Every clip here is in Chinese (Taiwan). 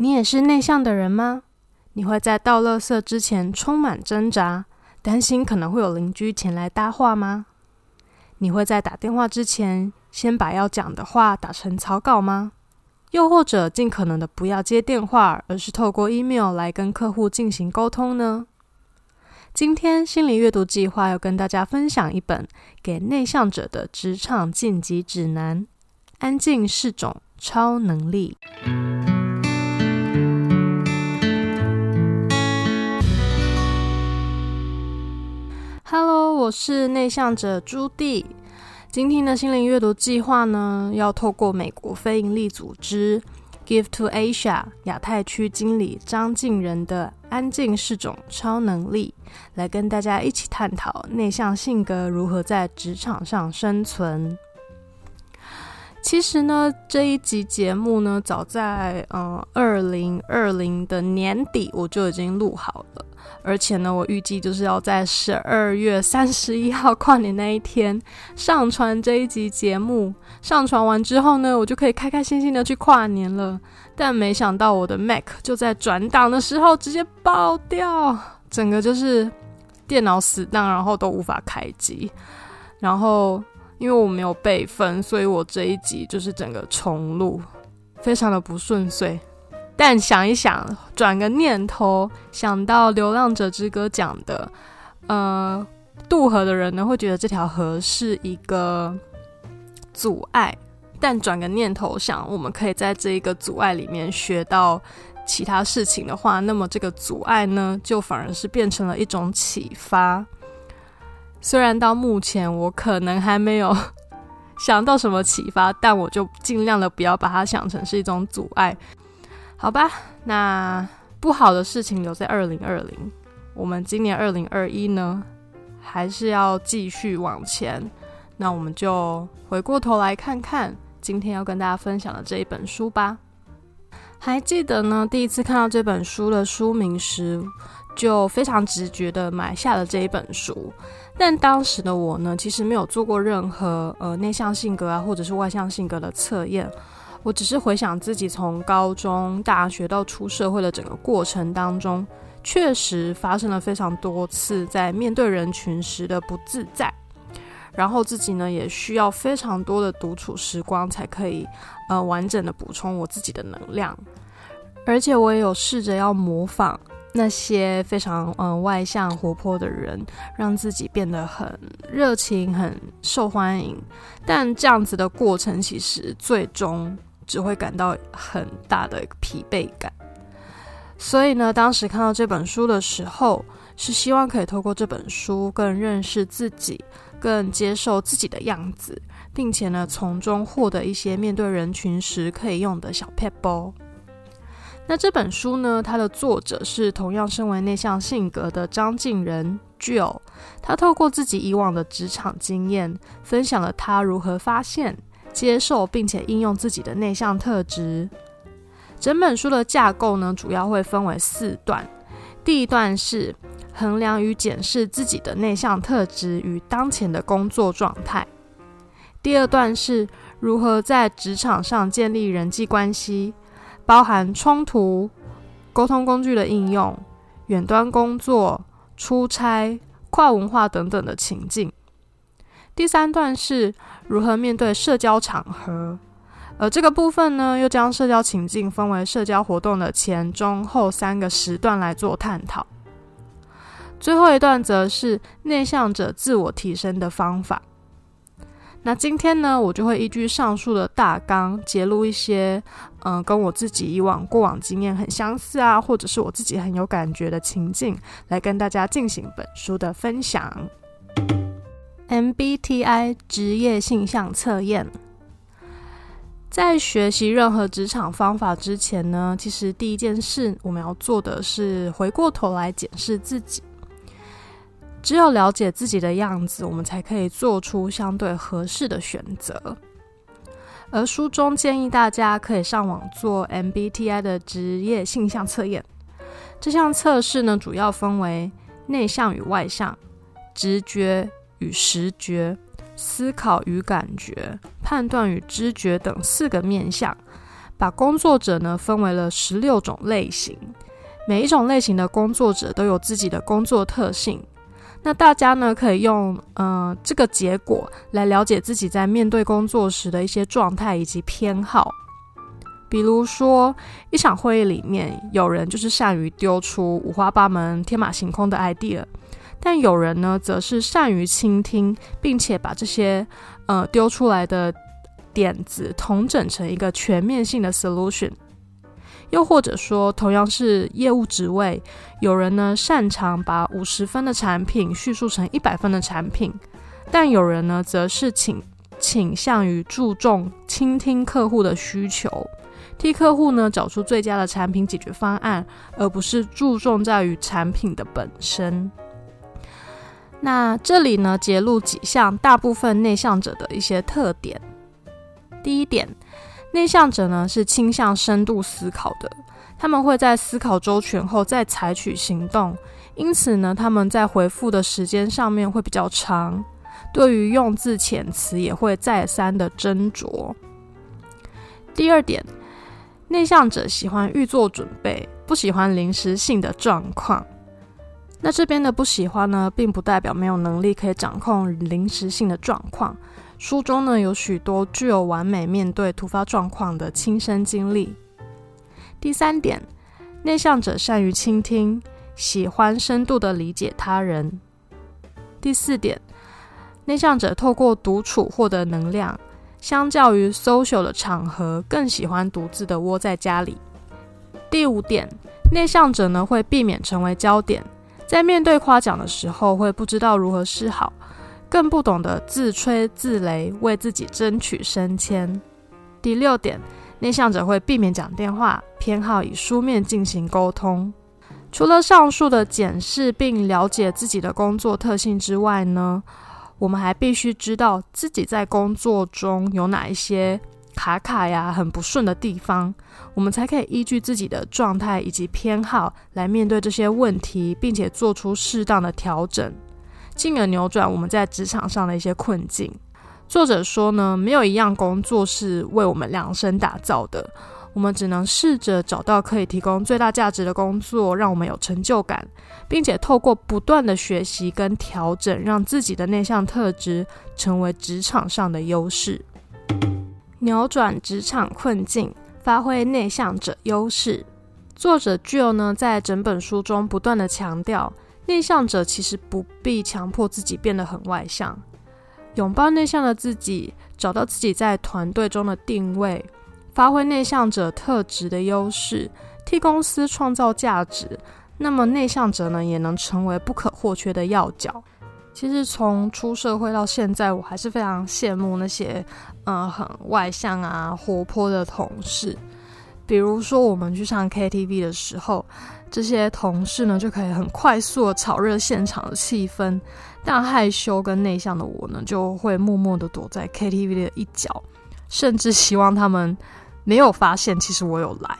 你也是內向的人嗎？你會在倒垃圾之前充滿掙扎，擔心可能會有鄰居前來搭話嗎？你會在打電話之前先把要講的話打成草稿嗎？又或者盡可能的不要接電話，而是透過 email 來跟客戶進行溝通呢？今天心理閱讀計劃要跟大家分享一本給內向者的職場晉級指南，《安靜是種超能力》。哈嘍，我是內向者朱棣。今天的心靈閱讀計劃呢，要透過美國非營利組織 Give to Asia 亞太區經理張瀞仁的《安靜是種超能力》，來跟大家一起探討內向性格如何在職場上生存。其實呢，這一集節目呢，早在嗯二零二零的年底我就已經錄好了，而且呢，我預計就是要在十二月三十一號跨年那一天上傳這一集節目。上傳完之後呢，我就可以開開心心的去跨年了。但沒想到我的 Mac 就在轉檔的時候直接爆掉，整個就是電腦死當，然後都無法開機，然後。因為我沒有備份，所以我這一集就是整個重錄，非常的不順遂。但想一想，轉個念頭，想到《流浪者之歌》講的，呃，渡河的人呢，會覺得這條河是一個阻礙。但轉個念頭，想我們可以在這一個阻礙裡面學到其他事情的話，那麼這個阻礙呢，就反而是變成了一種啟發。雖然到目前我可能還沒有想到什麼啟發，但我就尽量的不要把它想成是一種阻礙，好吧？那不好的事情留在二零二零，我們今年二零二一呢，還是要繼續往前。那我們就回過頭來看看今天要跟大家分享的這一本書吧。還記得呢，第一次看到這本書的書名時，就非常直覺的買下了這一本書。但當時的我呢，其實沒有做過任何呃內向性格啊，或者是外向性格的測驗。我只是回想自己從高中、大學到出社會的整個過程當中，確實發生了非常多次在面對人群時的不自在。然後自己呢，也需要非常多的獨處時光才可以呃完整的補充我自己的能量。而且我也有試着要模仿。那些非常嗯外向活潑的人，讓自己變得很熱情、很受歡迎，但這樣子的過程其實最終只會感到很大的疲憊感。所以呢，當時看到這本書的時候，是希望可以透過這本書更認識自己、更接受自己的樣子，並且呢，從中獲得一些面對人群時可以用的小撇步。那這本書呢，它的作者是同樣身為內向性格的張瀞仁 Jill，他透過自己以往的職場經驗，分享了他如何發現、接受並且應用自己的內向特質。整本書的架構呢，主要會分為四段。第一段是衡量與檢視自己的內向特質與當前的工作狀態。第二段是如何在職場上建立人際關係。包含衝突、溝通工具的應用、遠端工作、出差、跨文化等等的情境。第三段是如何面對社交場合，而這個部分呢，又將社交情境分為社交活動的前、中、後三個時段來做探討。最後一段則是內向者自我提升的方法。那今天呢，我就會依據上述的大綱，節錄一些，嗯、呃，跟我自己以往過往經驗很相似啊，或者是我自己很有感覺的情境，來跟大家進行本書的分享。MBTI 職業性向測驗。在學習任何職場方法之前呢，其實第一件事我們要做的是回過頭來檢視自己。只有了解自己的樣子，我們才可以做出相對合適的選擇。而書中建議大家可以上網做 MBTI 的職業性向測驗。這項測試呢，主要分為內向與外向、直覺與視覺、思考與感覺、判斷與知覺等四個面向。把工作者呢分為了十六種類型。每一種類型的工作者都有自己的工作特性。那大家呢，可以用呃這個結果來了解自己在面對工作時的一些狀態以及偏好，比如說一場會議裡面，有人就是善於丟出五花八門、天馬行空的 idea，但有人呢則是善於傾聽，並且把這些呃丟出來的點子統整成一個全面性的 solution。又或者說，同樣是業務職位，有人呢擅長把五十分的產品敘述成一百分的產品，但有人呢則是傾傾向於注重傾聽客戶的需求，替客戶呢找出最佳的產品解決方案，而不是注重在於產品的本身。那這裡呢，節錄幾項大部分內向者的一些特點。第一點。內向者呢是傾向深度思考的，他們會在思考周全後再採取行動，因此呢，他們在回復的時間上面會比較長，對於用字遣詞也會再三的斟酌。第二點，內向者喜歡預做準備，不喜歡臨時性的狀況。那這邊的不喜歡呢，並不代表沒有能力可以掌控臨時性的狀況。書中呢，有許多具有完美面對突發狀況的親身經歷。第三點，內向者善於傾聽，喜歡深度的理解他人。第四點，內向者透過獨處獲得能量，相較於 social 的場合，更喜歡獨自的窩在家裡。第五點，內向者呢，會避免成為焦點，在面對誇獎的時候會不知道如何是好。更不懂得自吹自擂，為自己爭取升遷。第六點，內向者會避免講電話，偏好以書面進行溝通。除了上述的檢視並了解自己的工作特性之外呢，我們還必須知道自己在工作中有哪一些卡卡呀、很不順的地方，我們才可以依據自己的狀態以及偏好來面對這些問題，並且做出適當的調整。進而扭轉我們在職場上的一些困境。作者說呢，沒有一樣工作是為我們量身打造的，我們只能試着找到可以提供最大價值的工作，讓我們有成就感，並且透過不斷的學習跟調整，讓自己的內向特質成為職場上的優勢，扭轉職場困境，發揮內向者優勢。作者 Joe 呢，在整本書中不斷的強調。內向者其實不必強迫自己變得很外向，擁抱內向的自己，找到自己在團隊中的定位，發揮內向者特質的優勢，替公司創造價值，那麼內向者呢，也能成為不可或缺的要角。其實從出社會到現在，我還是非常羨慕那些，呃，很外向啊、活潑的同事。比如說，我們去上 KTV 的時候。這些同事呢，就可以很快速的炒熱現場的氣氛，但害羞跟內向的我呢，就會默默的躲在 KTV 的一角，甚至希望他們沒有發現其實我有來。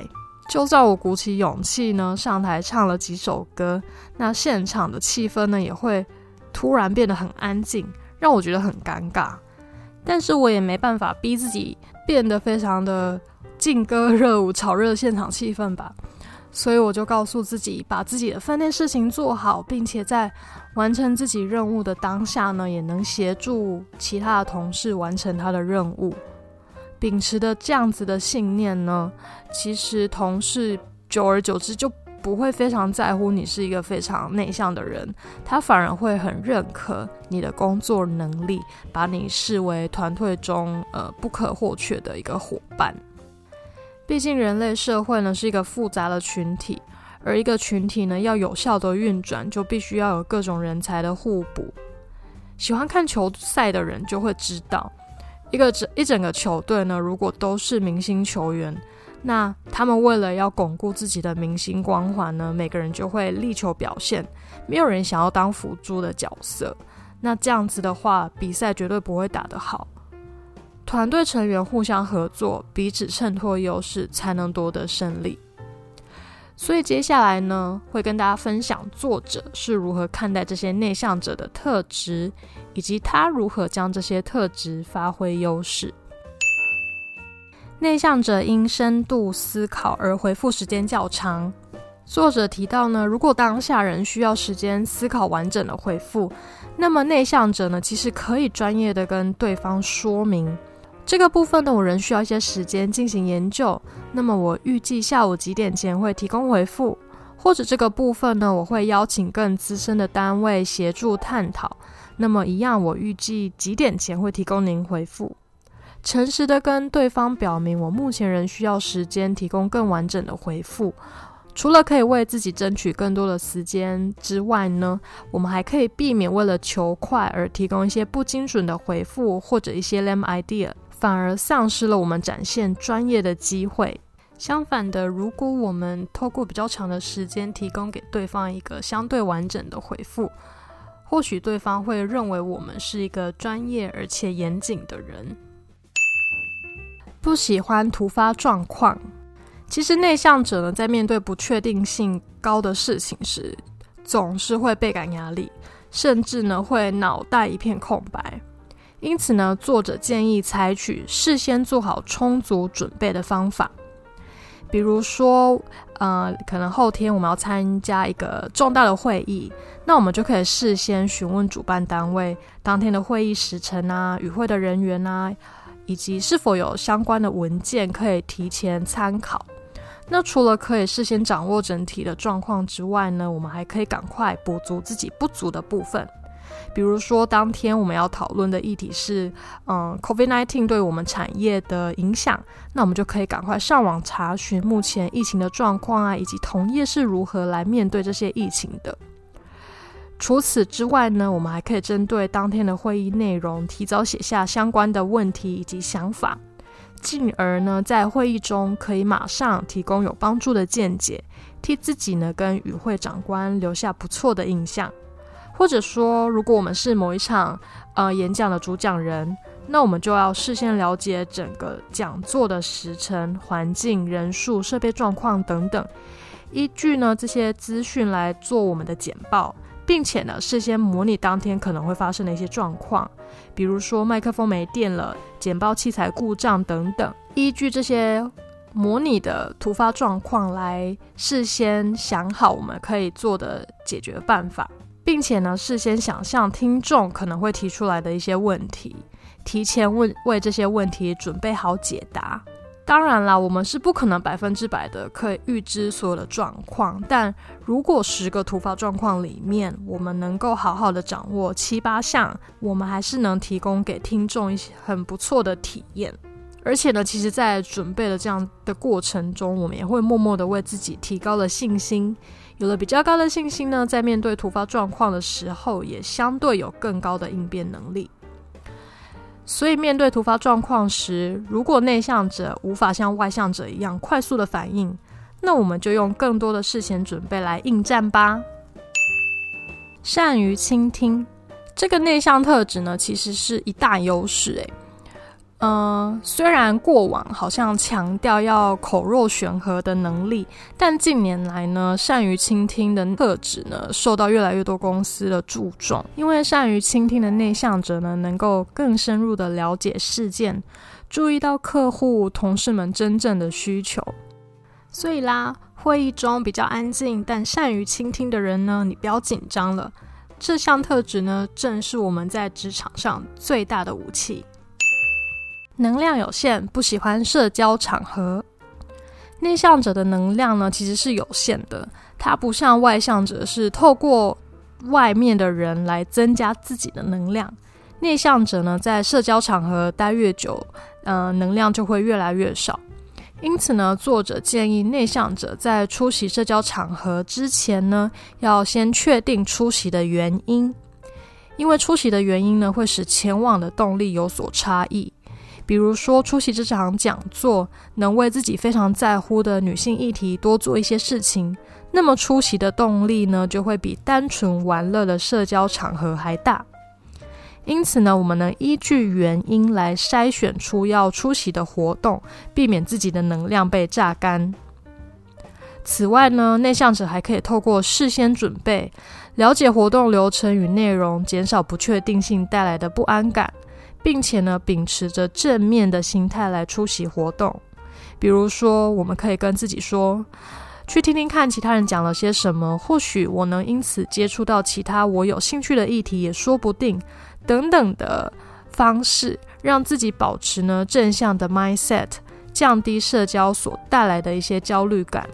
就算我鼓起勇氣呢，上台唱了幾首歌，那現場的氣氛呢，也會突然變得很安靜，讓我覺得很尷尬。但是我也沒辦法逼自己變得非常的勁歌熱舞，炒熱現場氣氛吧。所以我就告訴自己，把自己的分內事情做好，並且在完成自己任務的當下呢，也能協助其他的同事完成他的任務。秉持的這樣子的信念呢，其實同事久而久之就不會非常在乎你是一個非常內向的人，他反而會很認可你的工作能力，把你視為團隊中呃不可或缺的一個伙伴。畢竟，人類社會呢是一個複雜的群體，而一個群體呢要有效的運轉，就必須要有各種人才的互補。喜歡看球賽的人就會知道，一個整一整個球隊呢，如果都是明星球員，那他們為了要鞏固自己的明星光環呢，每個人就會力求表現，沒有人想要當輔助的角色。那這樣子的話，比賽絕對不會打得好。團隊成員互相合作，彼此襯托優勢，才能奪得勝利。所以接下來呢，會跟大家分享作者是如何看待這些內向者的特質，以及他如何將這些特質發揮優勢。內向者因深度思考而回復時間較長。作者提到呢，如果當下人需要時間思考完整的回復，那麼內向者呢，其實可以專業的跟對方說明。這個部分呢，我仍需要一些時間進行研究。那麼，我預計下午幾點前會提供回復，或者這個部分呢，我會邀請更資深的單位協助探討。那麼，一樣，我預計幾點前會提供您回復。誠實的跟對方表明，我目前仍需要時間提供更完整的回復。除了可以為自己爭取更多的時間之外呢，我們還可以避免為了求快而提供一些不精準的回復或者一些 lame idea。反而喪失了我們展現專業的機會。相反的，如果我們透過比較長的時間提供給對方一個相對完整的回復，或許對方會認為我們是一個專業而且嚴謹的人。不喜歡突發狀況。其實內向者呢，在面對不確定性高的事情時，總是會倍感壓力，甚至呢會腦袋一片空白。因此呢，作者建議採取事先做好充足準備的方法，比如說，呃，可能後天我們要參加一個重大的會議，那我們就可以事先詢問主辦單位當天的會議時程啊、與會的人員啊，以及是否有相關的文件可以提前參考。那除了可以事先掌握整體的狀況之外呢，我們還可以趕快補足自己不足的部分。比如說，當天我們要討論的議題是，嗯，COVID-19 對我們產業的影響，那我們就可以趕快上網查詢目前疫情的狀況啊，以及同業是如何來面對這些疫情的。除此之外呢，我們還可以針對當天的會議內容，提早寫下相關的問題以及想法，進而呢，在會議中可以馬上提供有幫助的見解，替自己呢跟與會長官留下不錯的印象。或者說，如果我們是某一場呃演講的主講人，那我們就要事先了解整個講座的時程、環境、人數、設備狀況等等。依據呢這些資訊來做我們的簡報，並且呢事先模擬當天可能會發生的一些狀況，比如說麥克風沒電了、簡報器材故障等等。依據這些模擬的突發狀況來事先想好我們可以做的解決辦法。並且呢，事先想象聽眾可能會提出來的一些問題，提前問，為這些問題準備好解答。當然啦，我們是不可能百分之百的可以預知所有的狀況，但如果十個突發狀況裡面，我們能夠好好的掌握七八項，我們還是能提供給聽眾一些很不錯的體驗。而且呢，其實，在準備的這樣的過程中，我們也會默默的為自己提高了信心，有了比較高的信心呢，在面對突發狀況的時候，也相對有更高的應變能力。所以，面對突發狀況時，如果內向者無法像外向者一樣快速的反應，那我們就用更多的事前準備來應戰吧。善於傾聽，這個內向特質呢，其實是一大優勢欸嗯、呃，雖然過往好像強調要口若懸河的能力，但近年來呢，善於傾聽的特質呢，受到越來越多公司的注重。因為善於傾聽的內向者呢，能夠更深入地了解事件，注意到客戶、同事們真正的需求。所以啦，會議中比較安靜但善於傾聽的人呢，你不要緊張了。這項特質呢，正是我們在職場上最大的武器。能量有限，不喜歡社交場合。內向者的能量呢，其實是有限的。他不像外向者是透過外面的人來增加自己的能量。內向者呢，在社交場合待越久，呃，能量就會越來越少。因此呢，作者建議內向者在出席社交場合之前呢，要先確定出席的原因。因為出席的原因呢，會使前往的動力有所差異。比如說出席這場講座，能為自己非常在乎的女性議題多做一些事情，那麼出席的動力呢，就會比單純玩樂的社交場合還大。因此呢，我們能依據原因來篩選出要出席的活動，避免自己的能量被榨乾。此外呢，內向者還可以透過事先準備，了解活動流程與內容，減少不確定性帶來的不安感。並且呢，秉持着正面的心態來出席活動，比如說，我們可以跟自己說，去聽聽看其他人講了些什麼，或許我能因此接觸到其他我有興趣的議題，也說不定，等等的方式，讓自己保持呢正向的 mindset，降低社交所帶來的一些焦慮感。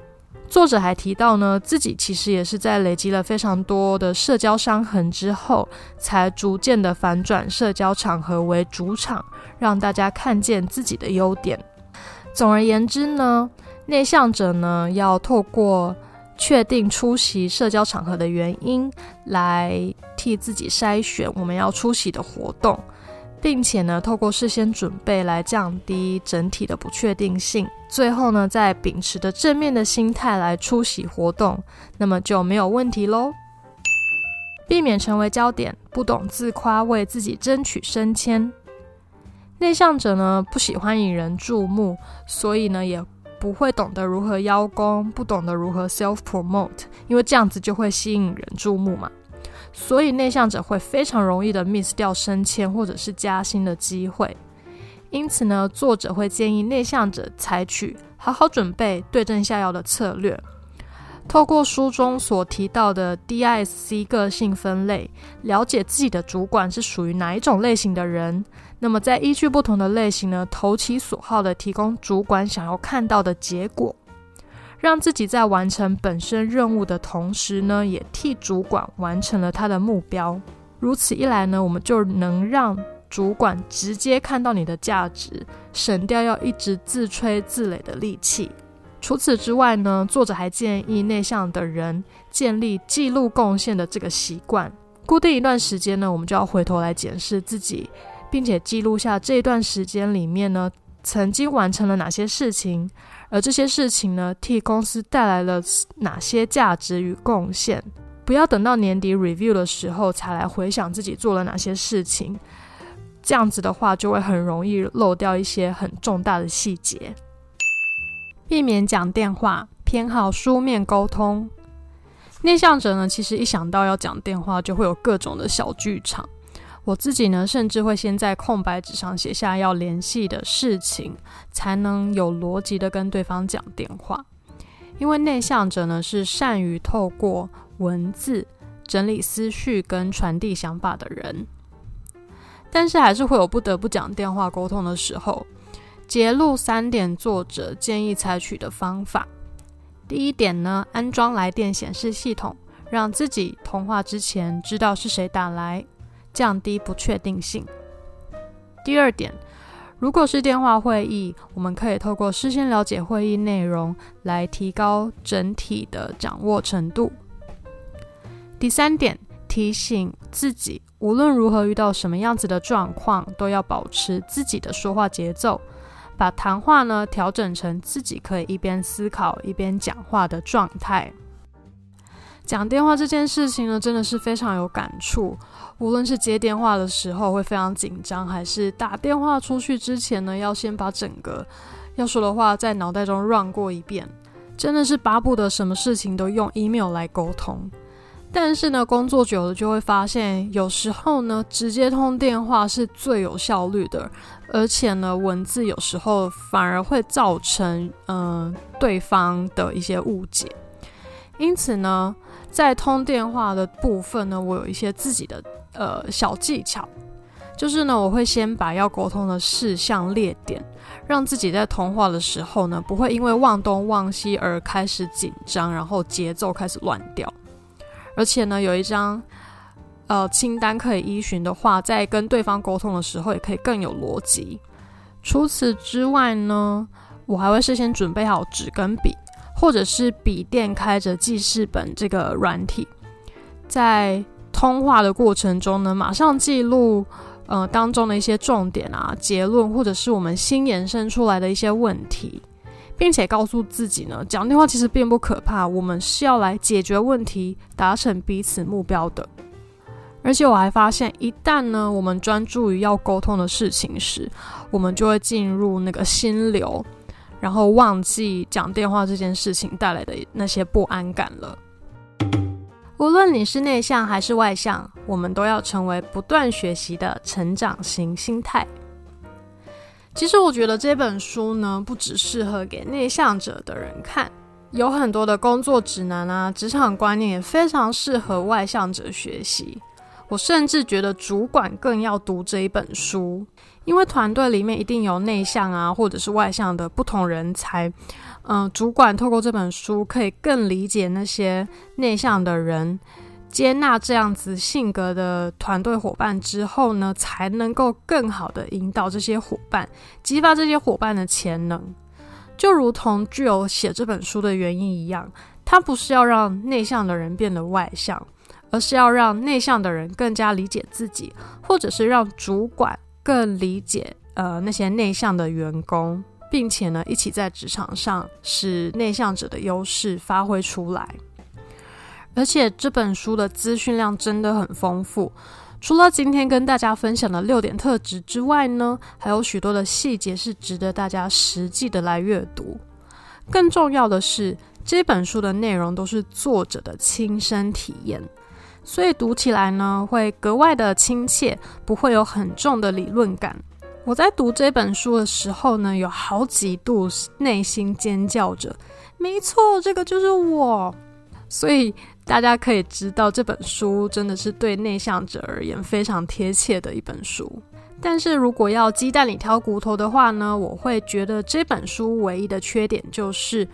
作者還提到呢，自己其實也是在累積了非常多的社交傷痕之後，才逐漸的反轉社交場合為主場，讓大家看見自己的優點。總而言之呢，內向者呢，要透過確定出席社交場合的原因，來替自己篩選我們要出席的活動。並且呢，透過事先準備來降低整體的不確定性，最後呢，再秉持着正面的心態來出席活動，那麼就沒有問題嘍。避免成為焦點，不懂自誇，為自己爭取升遷。內向者呢，不喜歡引人注目，所以呢，也不會懂得如何邀功，不懂得如何 self promote，因為這樣子就會吸引人注目嘛。所以內向者會非常容易的 miss 掉升遷或者是加薪的機會，因此呢，作者會建議內向者採取好好準備、對症下藥的策略。透過書中所提到的 DISC 個性分類，了解自己的主管是屬於哪一種類型的人，那麼再依據不同的類型呢，投其所好的提供主管想要看到的結果。讓自己在完成本身任務的同時呢，也替主管完成了他的目標。如此一來呢，我們就能讓主管直接看到你的價值，省掉要一直自吹自擂的力氣。除此之外呢，作者還建議內向的人建立記錄貢獻的這個習慣。固定一段時間呢，我們就要回頭來檢視自己，並且記錄下這一段時間裡面呢，曾經完成了哪些事情。而這些事情呢，替公司帶來了哪些價值與貢獻？不要等到年底 review 的時候才來回想自己做了哪些事情，這樣子的話就會很容易漏掉一些很重大的細節。避免講電話，偏好書面溝通。內向者呢，其實一想到要講電話，就會有各種的小劇場。我自己呢，甚至會先在空白紙上寫下要聯繫的事情，才能有邏輯的跟對方講電話。因為內向者呢，是善於透過文字整理思緒跟傳遞想法的人，但是還是會有不得不講電話溝通的時候。節錄三點作者建議採取的方法：第一點呢，安裝來電顯示系統，讓自己通話之前知道是誰打來。降低不確定性。第二點，如果是電話會議，我們可以透過事先了解會議內容來提高整體的掌握程度。第三點，提醒自己，無論如何遇到什麼樣子的狀況，都要保持自己的說話節奏，把談話呢調整成自己可以一邊思考一邊講話的狀態。講電話這件事情呢，真的是非常有感觸。無論是接電話的時候會非常緊張，還是打電話出去之前呢，要先把整個要說的話在腦袋中 run 過一遍，真的是巴不得什麼事情都用 email 來溝通。但是呢，工作久了就會發現，有時候呢，直接通電話是最有效率的，而且呢，文字有時候反而會造成嗯、呃、對方的一些誤解。因此呢，在通電話的部分呢，我有一些自己的呃小技巧，就是呢，我會先把要溝通的事項列點，讓自己在通話的時候呢，不會因為忘東忘西而開始緊張，然後節奏開始亂掉。而且呢，有一張呃清單可以依循的話，在跟對方溝通的時候也可以更有邏輯。除此之外呢，我還會事先準備好紙跟筆。或者是筆電開着記事本這個軟體，在通話的過程中呢，馬上記錄呃當中的一些重點啊、結論，或者是我們新延伸出來的一些問題，並且告訴自己呢，講電話其實並不可怕，我們是要來解決問題、達成彼此目標的。而且我還發現，一旦呢我們專注於要溝通的事情時，我們就會進入那個心流。然後忘記講電話這件事情帶來的那些不安感了。無論你是內向還是外向，我們都要成為不斷學習的成長型心態。其實我覺得這本書呢，不只適合給內向者的人看，有很多的工作指南啊、職場觀念也非常適合外向者學習。我甚至覺得主管更要讀這一本書。因為團隊裡面一定有內向啊，或者是外向的不同人才，嗯、呃，主管透過這本書可以更理解那些內向的人，接納這樣子性格的團隊夥伴之後呢，才能夠更好的引導這些夥伴，激發這些夥伴的潛能。就如同瀞仁寫這本書的原因一樣，它不是要讓內向的人變得外向，而是要讓內向的人更加理解自己，或者是讓主管。更理解呃，那些內向的員工，並且呢，一起在職場上使內向者的優勢發揮出來。而且這本書的資訊量真的很豐富，除了今天跟大家分享的六點特質之外呢，還有許多的細節是值得大家實際的來閱讀。更重要的是，這本書的內容都是作者的親身體驗。所以讀起來呢，會格外的親切，不會有很重的理論感。我在讀這本書的時候呢，有好幾度內心尖叫着，沒錯，這個就是我。所以大家可以知道，這本書真的是對內向者而言非常貼切的一本書。但是如果要雞蛋裡挑骨頭的話呢，我會覺得這本書唯一的缺點就是，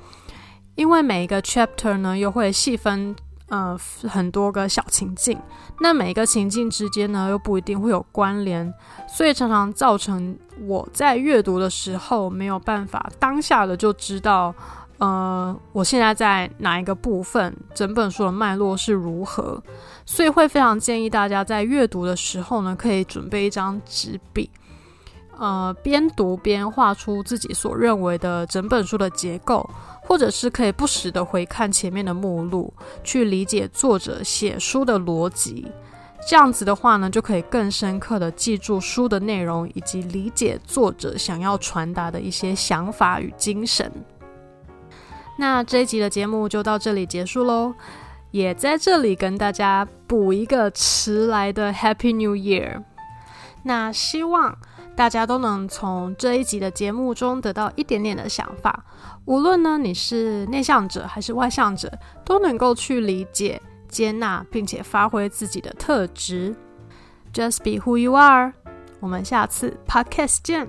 因為每一個 chapter 呢，又會細分。呃，很多個小情境，那每一個情境之間呢，又不一定會有關聯，所以常常造成我在閱讀的時候沒有辦法當下的就知道，呃，我現在在哪一個部分，整本書的脈絡是如何，所以會非常建議大家在閱讀的時候呢，可以準備一張紙筆，呃，邊讀邊畫出自己所認為的整本書的結構。或者是可以不時的回看前面的目錄，去理解作者寫書的邏輯。這樣子的話呢，就可以更深刻的記住書的內容，以及理解作者想要傳達的一些想法與精神。那這一集的節目就到這裡結束嘍，也在這裡跟大家補一個遲來的 Happy New Year。那希望大家都能從這一集的節目中得到一點點的想法。無論呢，你是內向者還是外向者，都能夠去理解、接納，並且發揮自己的特質。Just be who you are。我們下次 podcast 見。